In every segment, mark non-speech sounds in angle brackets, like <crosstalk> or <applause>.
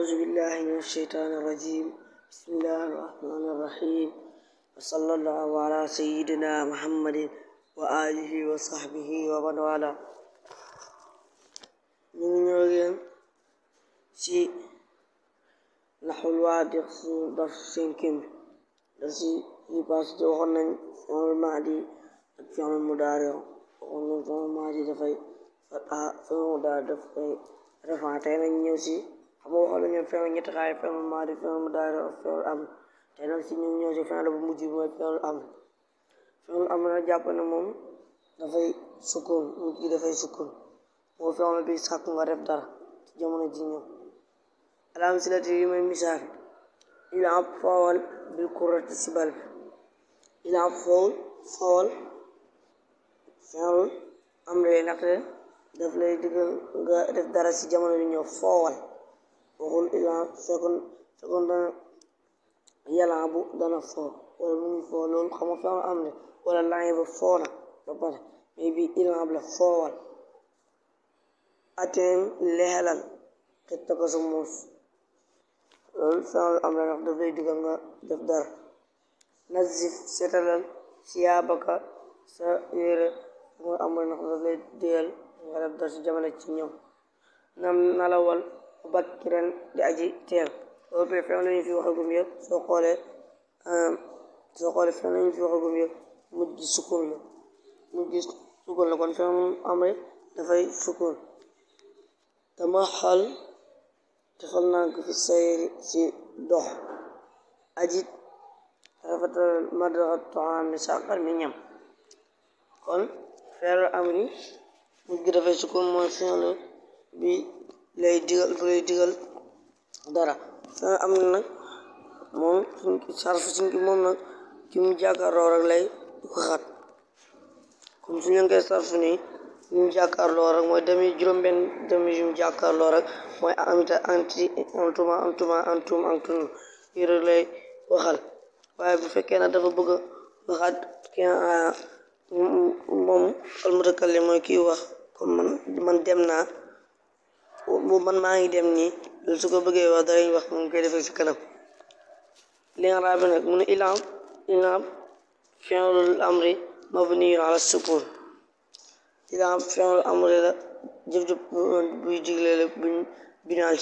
أعوذ بالله من الشيطان الرجيم بسم الله الرحمن الرحيم وصلى الله على سيدنا محمد وآله وصحبه ومن والاه ñu ngi ñëw yéen si Nahul Waadiq suñu daf cinquième bi da si yi passé te waxoon nañ fi'lul maadi ak fi'lul mudaari waxoon nañ fi'lul maadi dafay fatha fi'lul mudaari dafay rafa tey nañ ñëw si xam nga waxoon nañu feeñ ñetti xaaj feeñ maadi feeñ mudaari feeñ am te nag si ñu ñëw si feeñ la bu mujj bi mooy feeñ am feeñ am na jàpp ne moom dafay sukkoon mujj gi dafay sukkoon moo feeñ bi sàkk nga def dara ci jamono ji ñëw alhamsilati yi mooy misaal il ab fawal bil kurati si bal bi il ab fawal fawal feeñul am lay ndaxte daf lay diggal nga def dara si jamono bi ñëw fawal waxul ilaa second second dana yalaabu dana foo wala mu ngi foo loolu xam nga am ne wala laayba foo na ba pare mais bi ilaab la foowal ateem leexalal xetta ko sa muus loolu faa am la ndax daf lay digal nga def dara nazif setalal siyaabaka sa yére mu am la daf lay digal nga def dara si jamono ci ñëw nam nalawal mubakiran di aji teel loolu pe feew nañu fi waxagum yëpp soo xoolee ehm, soo xoolee feew nañu fi waxagum yëpp mujj gi sukkoon la mujj gi sukkoon la kon feew moom amri dafay sukkoon dama xal defal naa ko fi sayri si dox ajit rafetal madara toam mi sàqal mi ñam kon feeru amri mujj gi dafay sukkoon mooy feew bi lay digal bu lay digal dara am na nag moom suñ sarf suñ ki moom nag ki mu jàkkaarloo rek lay waxaat comme suñ leen koy nii ñu jàkkaarloo rek mooy demi juróom-benn demi yu mu rek mooy amta anti antuma antuma antum antun yi rek lay waxal waaye bu fekkee dafa bëgg a waxaat ki ah, moom almutakallim mooy kii wax man dem naa man maa ngi dem nii su ko bëggee wax dara ñu wax moom koy defee si kanam li'raab bi nag mu ne ilaab ilaab amri mabniyun ala sukuun ilaab fi'lul amri la jëf jëf buy digle la buñ ala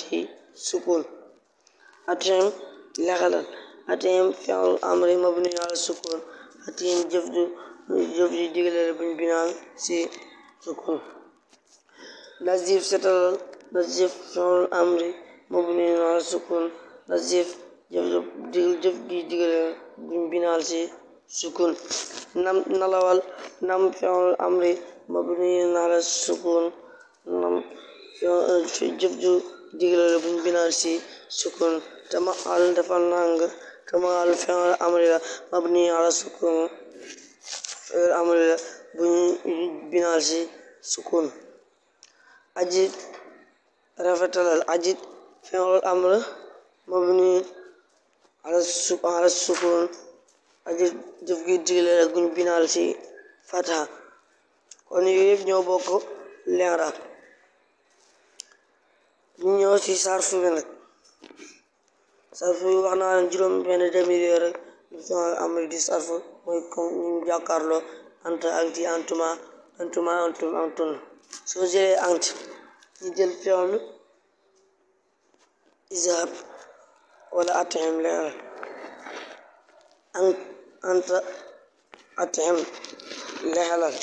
sukuun atim jëf ju jëf ju digle buñ binaal ci sukuun nazif setalal nazif sonl amri mabni al sukun nazif jëf ji digale buñ binaal ci sukun nam nalawal nam fi'l amri mabni ala sukun nam euh, jëf ju digale buñ binaal ci sukun tama al defal nang tama mabni ala sukun fi'l amri la buñ binaal ci rafetalal ajit fi'lul amr mabni ala sukun aji jëf gi digle guñ binaal ci fatha kon yu yëpp ñoo bokk leera ñu ci sarf bi nag wax naa leen juróom benn demi-heure ñu fi'lul amr di sarf ñu jàkkaarloo anta ak di antuma antuma antum antun ant ki jël fi'lu izhab wala at'im leeral anta at'im leeralal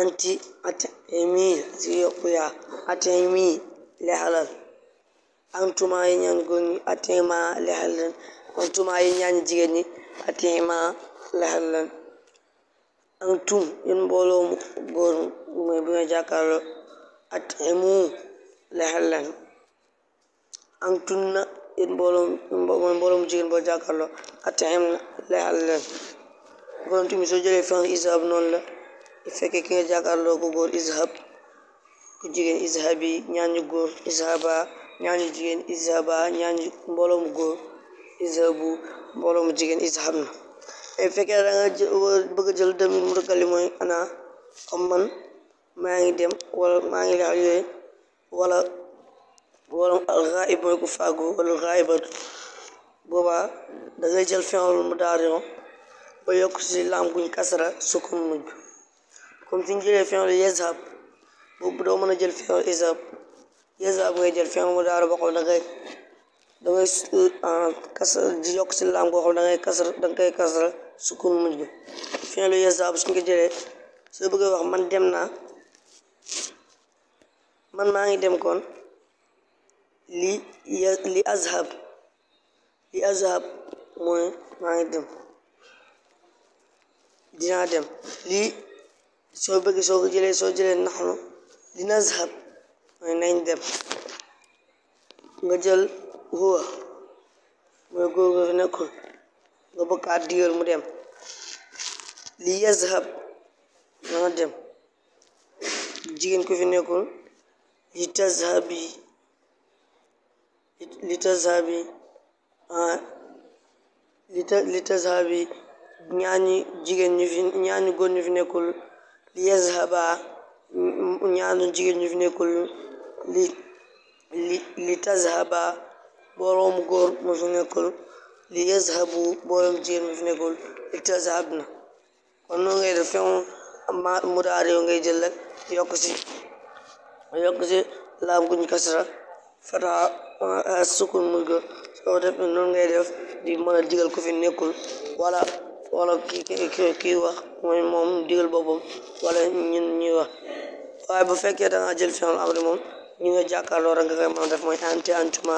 anti at'imi si yokku yaa at'imi leeralal antuma yi ñaan góor ñi at'ima antuma yi ñaan jigéen ñi at'ima leeral leen antum yéen mu góor muy bu nga leexal leen antunna yéen mbooloo mbooloo mu jigéen boo jàkkaarloo atihim na leen borom tamit soo jëlee fenn izhab noonu la bu fekkee ki nga jàkkaarloo ko góor izhab ku jigéen izhabi ñaañu góor izhaba ñaañu jigéen izhaba ñaañu mbooloo mu góor izhabu mbooloo mu jigéen izhab na bu fekkee da nga bëgg jël dem mu dëkkali mooy ana comme maa ngi dem wala maa ngi leexal yooyu wala wala alxaayib mooy ku fàggu wala alxaayibat boobaa dangay jël fi'lul mudaari'u ba yokk si laam guñ kasara sukun mujj comme suñ jëlee fi'lu yazhab boobu doo mën a jël fi'lu yazhab yazhab ngay jël fi'lul mudaari'u boo xam dangay dangay euh, kasar di yokk si laam goo xam dangay kasara danga koy kasara sukun mujj fi'lu yazhab suñ ko jëlee soo bëggee wax man dem naa man maa ngi dem kon li li azhab li azhab mooy maa ngi dem dinaa dem lii soo bëggee soo jëlee soo jëlee naxnu li nazhab mooy nañ dem nga jël huwa mooy góor ga nga bëgg a digal mu dem li yazhab dana dem jigéen ko fi nekkul لتذهبي لتذهبي لتذهبي ñaani jigéen ñu fi ñaani góor ñu fi nekkul li yazhaba ñaanu jigéen ñu fi nekkul li li tazhaba boroom góor mu fi nekkul li yazhabu boroom jigéen mu fi nekkul li tazhab na kon noonu ngay def fenn muraari ngay jël rek yokk si yokk ci laam guñ kasra fataha sukun muñ soo def noonu ngay def di mën a digal ku fi nekkul wala wala ki kii wax mooy moom digal boppam wala ñun ñuy wax waaye bu fekkee da jël fi amri moom ñu nga jàkkaarloo rek nga def mooy anti antuma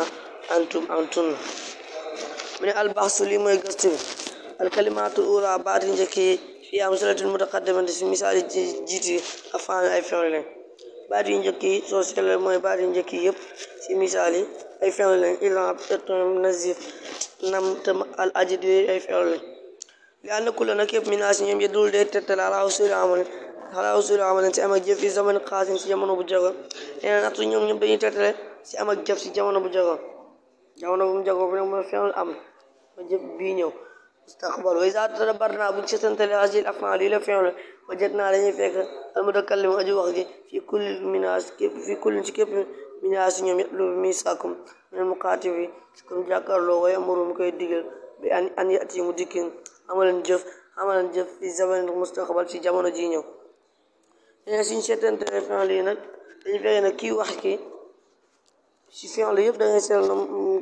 antum antun mu ne albaxsu lii mooy gëstu bi alkalimaatu ura baati njëkk yi fi am solatul mutaqaddimati si misaali jiiti afaan ay feewle baat yu njëkk yi soo seetloo mooy baat yu njëkk yi yëpp si misaal yi ay feew lañ ilam nazif nam tam al ajid yooyu ay feew lañ li ànd na képp minaas ñoom yedul dee tettal ala usuli amal ala amal si am ak jëf fi zaman xaasin si jamono bu jago nee na nattu ñoom ñëpp dañuy tettale si am ak jëf si jamono bu jago jamono bu mu jago bu ne mën am ma jëf bii ñëw mustaqbal wa isa tadabbarna buñ seetantalee hasil af'aal yi la feeñal wajadnaa dañuy fekk almutakallim aju wax fi kulli minaas képp fi kulli ci képp minaas ñoom yatlubu mi sàkkum min muqaatif yi comme jàkkaarloo way amuru mu koy digal bi an an yati mu dikkin amalan jëf amalan jëf fi zaman mustaqbal ci jamono ji ñëw ene suñ seetantalee feeñal yi nag dañuy fekk nag kii wax ki si feeñal yëpp da ngay seetlu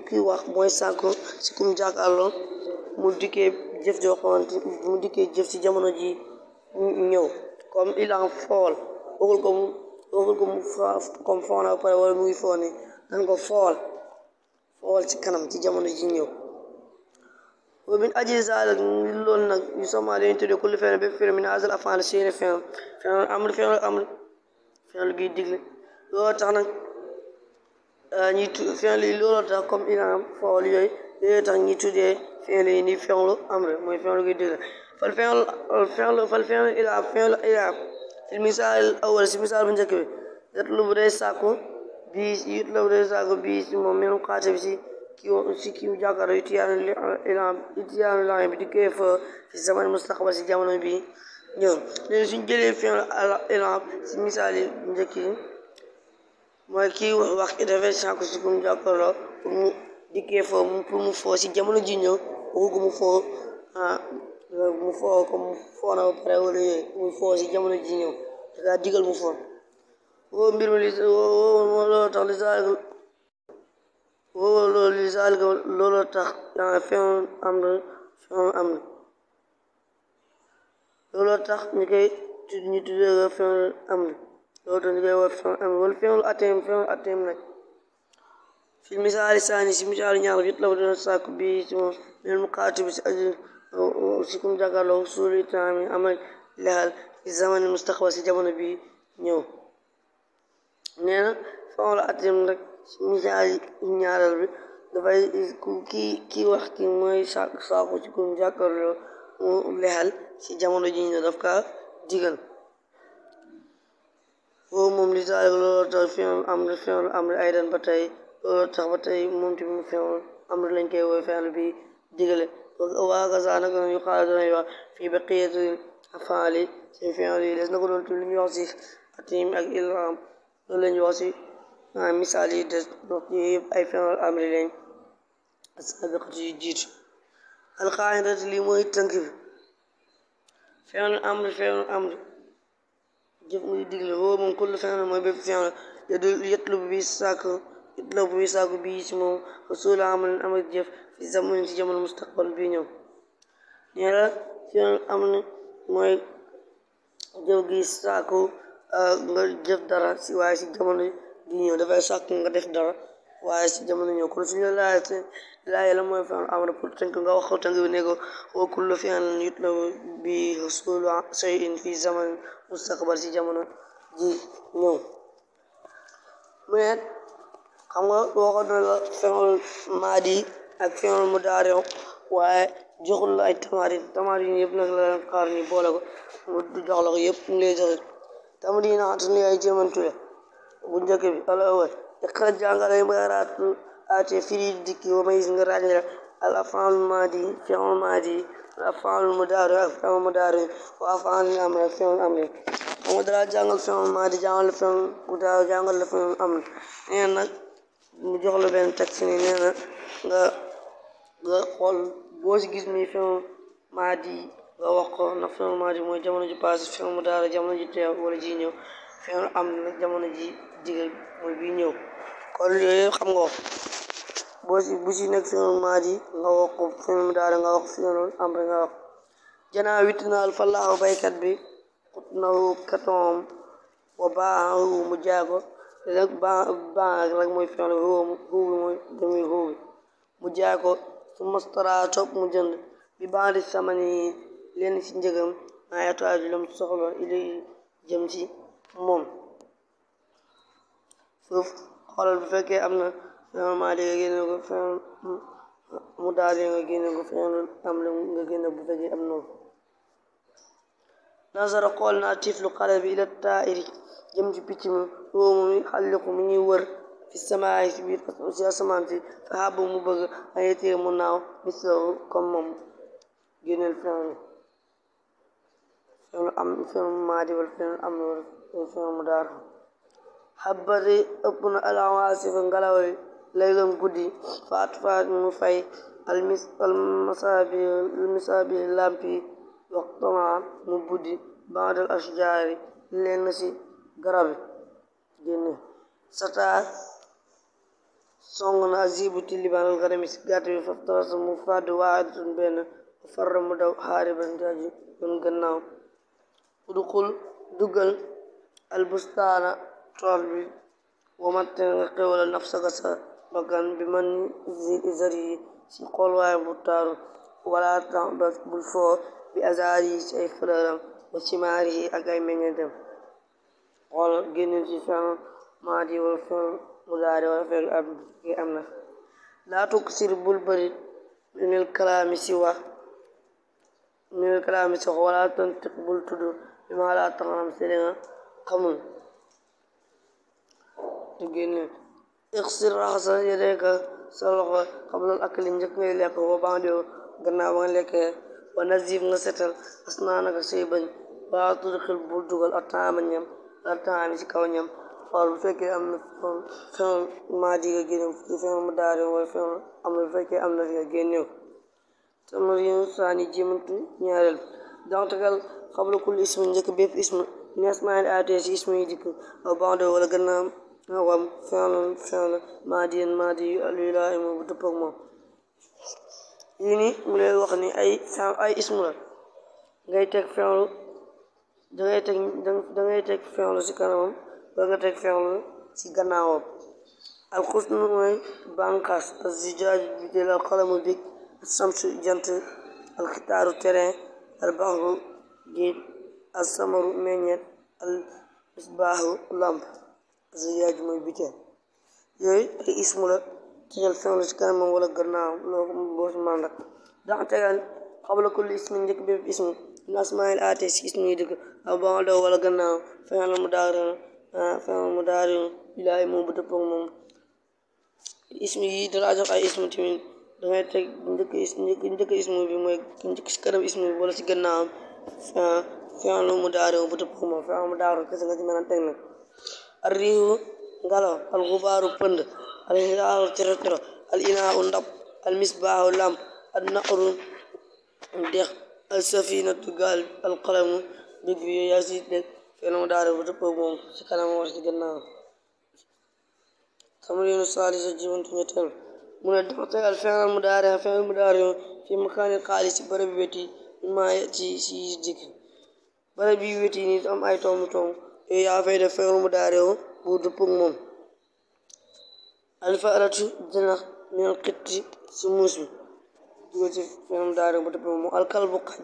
kii wax mooy sàkku si kum jàkkaarloo mu dikkee jëf joo xamante ci jamono ji ñëw comme il en fool waxul ko mu waxul ko mu comme foon na pare wala muy foon ne nan ko fool fool ci kanam ci jamono ji ñëw wa min ajli zalik loolu nag ñu soma dañu tuddee kulli fen bépp fen min azal afal seeni fen fen amul fen lu giy digle loolu tax nag ñuy fen li loolu tax comme il fool yooyu loolee tax ñi tuddee fi'lu yi ni fi'lu amr mooy fi'lu gi dëgg fal fi'lu fal fi'lu ilaa fi'lu ilaa fil misaal awal bu njëkk bi yatlubu day sàkku bi yatlubu day sàkku bi si moom min xaate bi si ki si ki jàkkaaro itiyaan ilaa itiyaan ilaa bi dikkee fa fi zaman mustaqbal si jamono bi ñëw léegi suñ jëlee fi'lu ilaa si misaal yi njëkk yi mooy kii wax dafay sàkku si kum jàkkaarloo dikkee foo pour mu foo si jamono ji ñëw waxugu mu foo ah mu foo ko mu foo na ba pare mu foo si jamono ji ñëw digal mu foo woo mbir mi li loolu tax li tax ah, fin am na looloo tax ñu koy ñu tuddee fin am na loolu tax ñu koy wax fin am na wala fin atteem fin atteem nag في المثال الثاني سمجال نيار يطلب لنا الساك به من المقاتل بسأجل وسيكون جاكار له سوري تعامل عمل لها في الزمن المستقبل سيجابنا به نيو نينا فأول أتم لك مثال ñaaral bi dafay kii kii wax ki mooy sàkk saaku ci kum jàkkarloo mu lexal ci jamono ji ñu daf kaa digal foofu moom li taal loolu tax fi am am aydan ba tey tax ba tey moom tamit fi'lu amr lañ koy woowe fi'lu bi digale waagaza nag yu xaala danañ wax fii a afaali seen fi'lu a des na ko doon lu ñuy wax si atim ak ilham loolu la ñuy wax si ah, misaal yi des dox ci yëpp ay fi'lu amri lañ asaabiqatu yu jiitu alqaaidatu lii mooy tënk bi fi'lu amr fi'lu amr jëf muy digle woo moom kullu fi'lin mooy bépp fi'lu yatlubu bi sàkk itloobu wisaaku bi ci moom rasula amal amal jëf fi zamonin ci jamono mustaqbal bii ñëw nee la fi am na mooy jëf gi ah, dara si waaye si jamono bi ñëw dafay sàkku def dara waaye jamono ñëw kon suñu la mooy fi'lu amr pour tënk nga wax tënk bi ne ko wa kullu fi'lin yutlabu bi husulu shay'in fi zaman mustaqbal si jamono ji ñëw xam nga waxoon na la fi'l maadi ak fi'l mudaari waaye joxul la ay tamarin tamarin yëpp nag la leen xaar ni boole ko mu jox la ko yëpp mu lay joxe tamarin atun ay jëmantule bu njëkk bi al awal iqra jàngale firi dikki wa may nga ràññe al af'aal maadi fi'l maadi al af'aal mudaari ak fi'l mudaari wa af'aal amri ak fi'l amri xam nga dara jàngal fi'l maadi jàngal fi'l mudaari jàngal fi'l amri mu jox la benn taxi ni nee nga nga xool boo si gis muy film maadi nga wax na film maadi mooy jamono ji passé film daara jamono ji teew wala ji ñëw film am na jamono ji digal mooy bii ñëw kon yooyu xam nga wax boo si bu nekk film maadi nga wax ko film daara nga wax film am rek nga wax janaa witt naal fa laaw baykat bi xut nawu katoom wa baaxu mu jaago rek baa rek mooy fi'lu huwa huwa mooy damir huwa mu jaay ko summa staraa topp mu jënd bi ba'di samani lenn ci njëgam maa yataaju lam soxla ilay jëm ci moom suuf xoolal bu fekkee am na fi'lu maadi nga génne ko fi'lu mudaari nga génne ko fi'lu amr nga génne bu fekkee am noonu nasara xool naa tiflu xale bi ila taairi jëm ci picc mi woomu mi xalliqu mi ñuy wër fi samaay si si asamaan si fa xàbbu mu bëgg ay yetee mu naaw mislahu comme moom génneel fenn fenn maadi wala fenn mu daar xabbati ëpp na alawaasifa ngelaw yi laylan guddi faat faat mu fay almasaabi lampi waxtama buddi baadal ashjaari lenn ci garab génne sataa song na azibu tilibaanal garami ci gàtt bi faftarasa mu fàdd waadatun benn farra mu daw xaariban jaaji yoon gannaaw udxul duggal albustaana tool bi wamatte nga xewalal nafsaka sa bakkan bi man ni zari ci xool bu taaru wala tax bul foo bi azaari ci ay fleuram wa simaari yi ak ay meññentam xool génnul fen maadi wala fen mudaari wala fen am na laa tuksir bul bëri minel kalaami si wax minel kalaami si wax wala tantiq bul tudd ma laa taxam si li xamul tu génne ixsir raxasal yadeka sa loxo xablal akli njëkk ngay lekk ba baa diw gannaaw ba nga lekkee wa nazif nga setal asnaanaka say bañ waa tudxil bul dugal ataama ñam ataami kaw ñam xool bu fekkee am na fenol maa di nga génne ci fenol mu daari wala fenol am bu fekkee moom yi ni mu lay wax ni ay ay ismu ngay teg fi'lu dangay teg dangay teg fi'lu ci kanamam ba nga teg fi'lu ci gannaawam alxusnu mooy bànqaas azijaaj bitéel alxalamu big samsu jant alxitaaru terrain albaxru géej alsamaru meññeet al misbaaxu lamp azijaaj mooy bitéel yooyu ay ismu tijal fin la ci kanamam wala gannaaw loo boo si màndak dax tegal xabla kulli ismi njëkk bépp ismi min asmail aate si ismi yi dëkk aw ba'da wala gannaaw fi'l mudaari fi'l mudaari bilaay moom bu dëppoo moom ismi yi dala jox ay ismi tamit dangay teg njëkk njëkk ismi bi mooy njëkk si kanam ismi bi wala si gannaaw fi'l mudaari bu dëppoo moom fi'l mudaari kese nga ci mën a teg nag arriihu ngelaw al gubaaru pënd alhilaalu tërtër alinaahu ndab almisbaahu lamp alnaqru dex alsafinatu gaal alqalamu big bi yaa si dégg feelam bu dëppoo moom si kanam war si gannaaw tamriinu saalisa jibantu ñetteel mu ne doxteg al fi'l al mudaari fi'l al mudaari fi makaani xaali si barab si dikk barab yu weti ni am ay tomb tomb yooyu yaa fay def fi'l bu dëppoo moom alfaaratu janax minal xitti si muus mi dugal ci fenam daara ba dëppam mu alkalbu xaj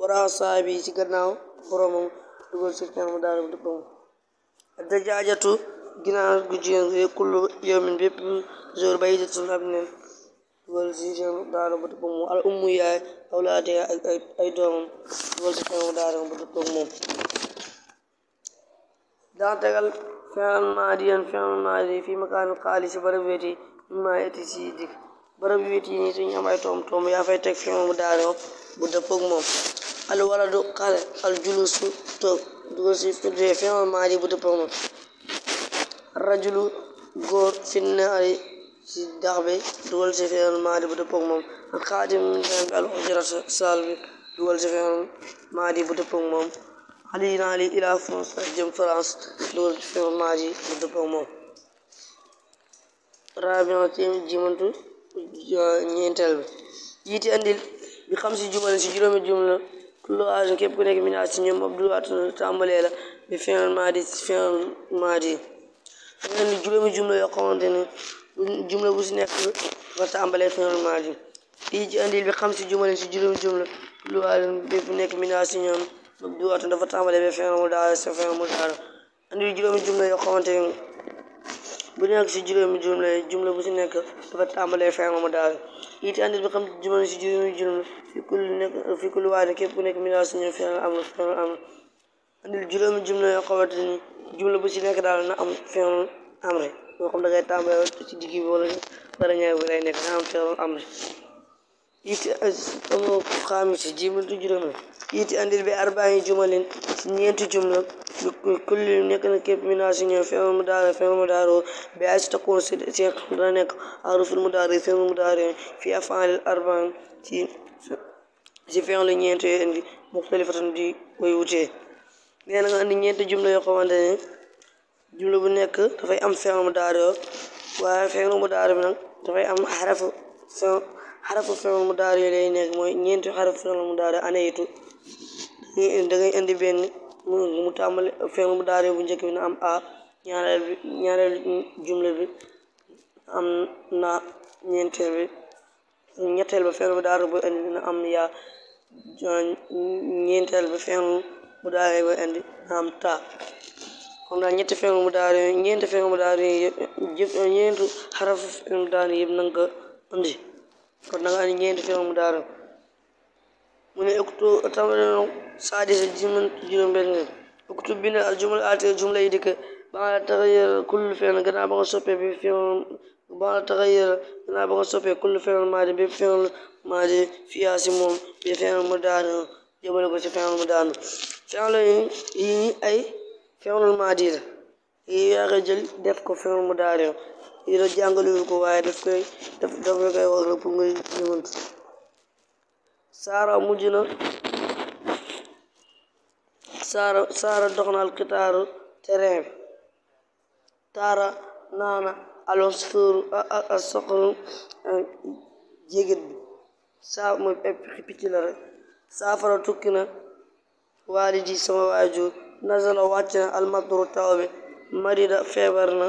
waraa saabi ci gannaaw boromam dugal ci fenam daara ba dëppam dajaajatu gu jigéen gi kullu yawmin bépp jour al ummu yaay awlaade ay doomam dugal ci fenam daara ba dëppam moom daa فعل ماضيا فعل ماضي في مكان القال si barab wéeti ma eti si dikk barab wéeti ni suñu am ay yaa fay teg fi'il mudaari bu dëppoog moom al waladu xale al julusu toog dugal si fidee maadi bu dëppoog moom al xaadim al ujratu saal bi dugal si fi'il maadi bu dëppoog moom ali na ali ila jëm France dugal ci fi maa ji moom rabion ci jimantu ñeenteel bi jiiti andil bi xam si jumla si juróomi jumla kullu ji ci fi maa ji jumla bu si nekk ba tàmbalee fi maa ji lii ji andil bi xam si jumla si juróomi jumla kullu aajin bépp nekk minaa si ñoom mabduwaatu dafa tàmbale ba fin mu daal yoo xamante ni si juróomi jumla jumla bu si nekk dafa tàmbale fin mu daal it andi bi xam jumla si juróomi jumla fi kul nekk fi kul waa am fin am andil juróomi jumla ni jumla bu si nekk daal na am fin am rek yoo xam da ngay tàmbale ci digg bi nekk na am fin am iti amoo xaamisa jimiltu juróomeel iti andil bi arbaani jumalin si ñeenti jumla kulli nekk na képp mina si ñoom fi'l si ñeenti jumla yoo xamante ne jumla bu nekk dafay am fi'l mudaari waaye fi'l mudaari bi nag dafay am xarafu xarafu fi'l mudaari lay nekk mooy ñeenti xarafu fi'l mudaari anaytu da ngay indi benn mu tàmbali fi'l mudaari bu njëkk bi na am a bi ñaareel jumla bi am am yaa ñeenteel bi fi'l mudaari na ñetti fi'l mudaari ñeenti fi'l mudaari yëpp ñeenti na ko indi konnaŋani nyende feŋ daarum mune okututamaɗenon sadise jurombel ngel okutubina aljumla atir jumla yidike baala tagayyara kullu feŋ gana baga soppe be feŋ baala gana baga soppe kullu feŋ maadi be feŋ maadi fiyasi mum be feŋ mu daarum jebole ko si feŋ mu daarum feŋlo yi ay feŋlol maadi la yi yaaka jël def ko feŋ mu daarum lii la jàngalewu ko waaye daf koy daf dafa koy wax rek pour ngay ñëwant saara mujj na saara dox na alkitaaru terrain bi taara naana alosfeeru ak soxru jégét bi saa mooy picc rek saafara tukki na waalidi sama waajur nazala wàcc na almatru taw bi marida feebar na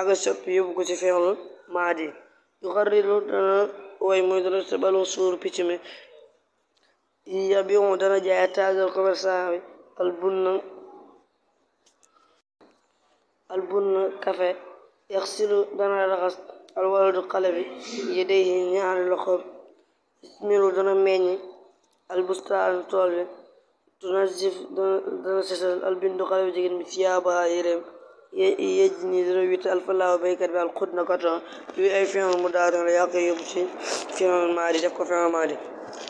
aga soppi yóbbu ko ci fi'lu maadi yuxarriru dana way muy dana sabalu suur picc mi yabiu dana jaay taagal commerçant bi albunna kafe yaxsilu dana raxas alwaladu xale bi yedeyhi ñaari loxoom ismiru dana meññi albustaan tool bi tunazif dana sesal albindu xale bi jigéen bi siyaaba yéreem yejni zero huit alfalaaw baykat bi alxud na coton yooyu ay fi'il mudaari la yàq yóbbu ci fi'il maadi def ko fi'il maadi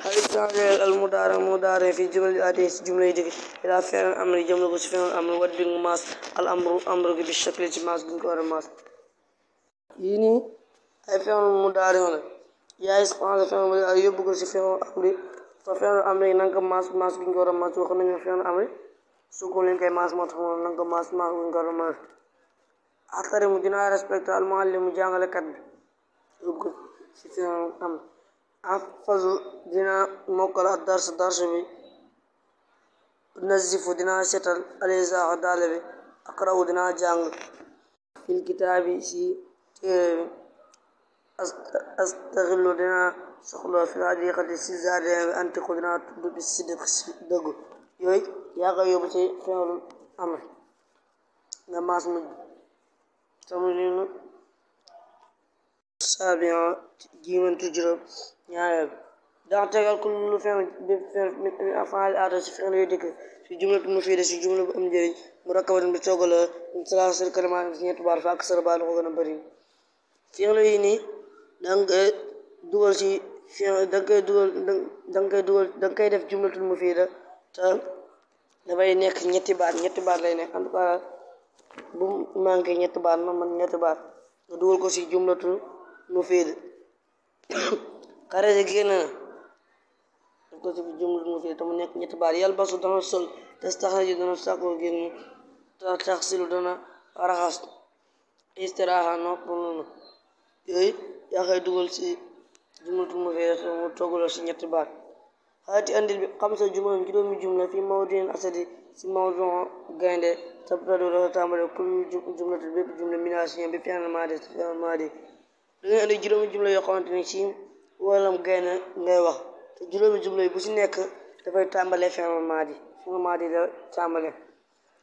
hal istaʿjala al mudaari mudaari fi jumlati aati si jumla yi dikk ilaa fi'il amri jëmle ko ci fi'il amri wat bi nga maas al amru amru gi bi shakli ci maas bi nga ko war a maas yii nii ay fi'il mudaari la yaay sponse fi'il mudaari yóbbu ko ci fi'il amri so fi'il amri nanga maas maas bi nga war a maas wax nañu fi'il amri sukulen kay maas moo tax moom nanga ko maas maas buñ ko maas axtarimu dinaa respecté almuallimu jàngalekat bi yóbbu si seen am afazu dinaa mokkal darsu darsu bi nazifu dinaa setal alisaaxu daale bi aqrawu dinaa jàng fil kitaabi si téere bi astaxilu dinaa soxlo fil xadiqati si jardin bi antiqu dinaa tudd bi siddiq si dëggu yooyu yaa koy yóbbu ci fi'l amr nga maas mujj samu linu saabia jiimantu juróom ñaareel dax tegal kullu fi'l bi fi'l min af'aal aada si fi'l yooyu dëkk si jumlatu mufiida si jumla bu am njëriñ murakkabatin bi toggala salaasal kalimaat si ñetti baat fa ak sara baat ko gën a bëri fi'l yi nii danga dugal ci fi'l koy dugal danga def jumlatul mufiida te dafay nekk ñetti baat ñetti baat lay nekk en tout cas bu manqué ñetti baat ma man ñetti baat nga dugal ko si jumlatu mufiid <coughs> xaraja génn na ko si jumlatu mufiid te mu nekk ñetti baat yalbasu dana sol tastaxriju dana sàkkoo génn taxsilu dana raxas na yooyu yaa koy dugal si jumlatu mufiid mu toggaloo si ñetti baat xaati andil bi xamsa jumla juróomi jumla fi mawdin asadi si mawdon gaynde tabtado dafa tàmbale kul yoo xamante ne ci wàllam gaynde ngay wax te juróomi bu si nekk dafay tàmbale fi'il maadi fi'il maadi da tàmbale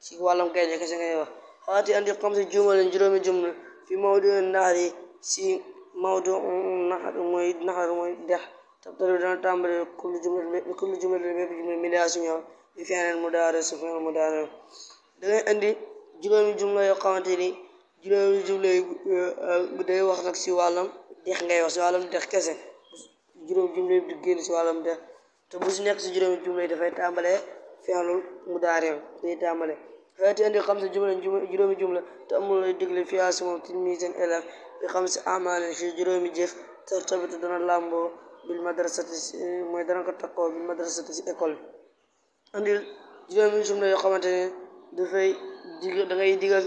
ci wàllam gaynde ngay wax xaati andi xamsa jumla si mawdon naxar mooy naxar mooy dex تبدأ بدون تعمل كل جملة بكل جملة بجملة من اسمها بفعل المدارس وفعل المدارس dangay indi juróomi jumla yoo xamante ni juróomi jumla yi day wax nag si wàllam dex ngay wax si wàllam dex kese juróomi jumla yi di génn si wàllam dex te bu si nekk si juróomi jumla yi dafay tàmbalee fi'lul mudaari day tàmbalee xeeti indi xam sa jumla juróomi jumla te amul lay digle fiyaa si moom tilmiisan élève bi xam si amaale si juróomi jëf te tabitu dana làmboo bil madrasati eh, mooy dana ko takkoo bil madrasati si école bi andil juróomi jumla yoo xamante ne dafay dig da ngay digal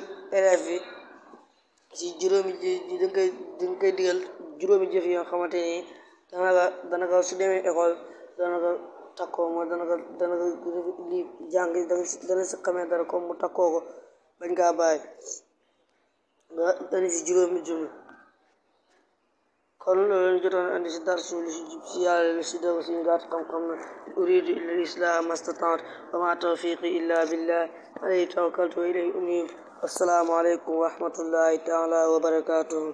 juróomi ji da yoo xamante ne dana la dana ko su demee école dana ko takkoo mooy dana ko dana ko li jàng dana si xamee dara comme mu takkoo ko bañ kaa bàyyi nga indi si juróomi jumla kon loolu lañ jotoon andi si darsu lu si jub si yàlla lu si dëgg suñu gaat xam-xam na uridu illa islam mastatant wa ma tawfiqi illa billah alayhi tawakkaltu wa ilayhi unib assalaamu aleykum wa rahmatullahi taala wa barakatuh